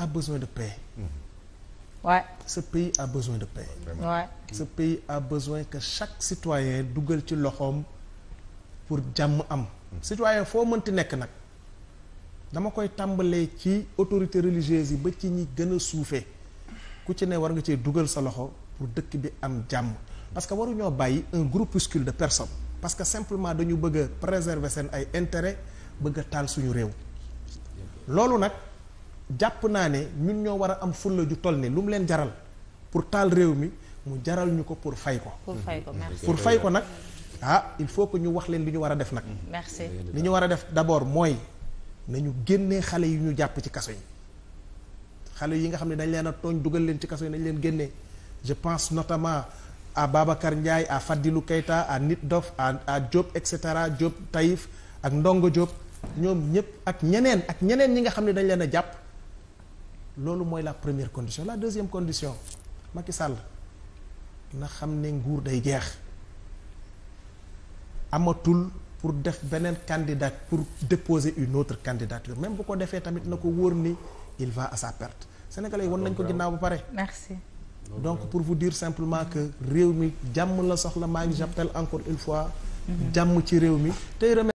a besoin de paix. Mm-hmm. Ouais. Ce pays a besoin de paix. Ouais. Ce pays a besoin que chaque citoyen dugal ci loxoom pour jàmm am. Mm-hmm. citoyen foo mënti nekk nag dama koy tàmbalee ci autorités religieuses yi ba ci ñi gën a suufee ku ci ne war nga cee dugal sa loxo pour dëkk bi am jàmm parce que waruñoo bàyyi un groupuscule de personnes parce que simplement dañu bëgg a préserver seen ay intérêts bëgg a taal suñu réew loolu nag. jàpp naa ne ñun ñoo war a am fulla ju toll ni lu mu leen jaral pour taal réew mi mu jaral ñu ko pour fay ko. pour fay ko pour fay ko nag ah il faut que ñu wax leen li ñu war a def nag. merci li ñu war a def d'abord mooy nañu génnee xale yi ñu jàpp ci kaso yi xale yi nga xam ne dañ leen a tooñ dugal leen ci kaso yi nañ leen génnee je pense notamment à Babacar Ndiaye à Fadilou Keita à Nit Dof à à Diop et cetera Diop Taïf ak Ndongo Diop ñoom ñëpp ak ñeneen ak ñeneen ñi nga xam ne dañ leen a jàpp. loolu mooy la première condition la deuxième condition Macky sàll na xam ne nguur day jeex amatul pour def beneen candidat pour déposer une autre candidature même bu ko defee tamit na ko wóor ni il va à sa perte sénégalais yi wan nañ ko ginnaaw ba pare. merci. donc pour vous dire simplement que réew mi jàmm la soxla maa ngi j'appelle encore une fois. jàmm ci réew mi tey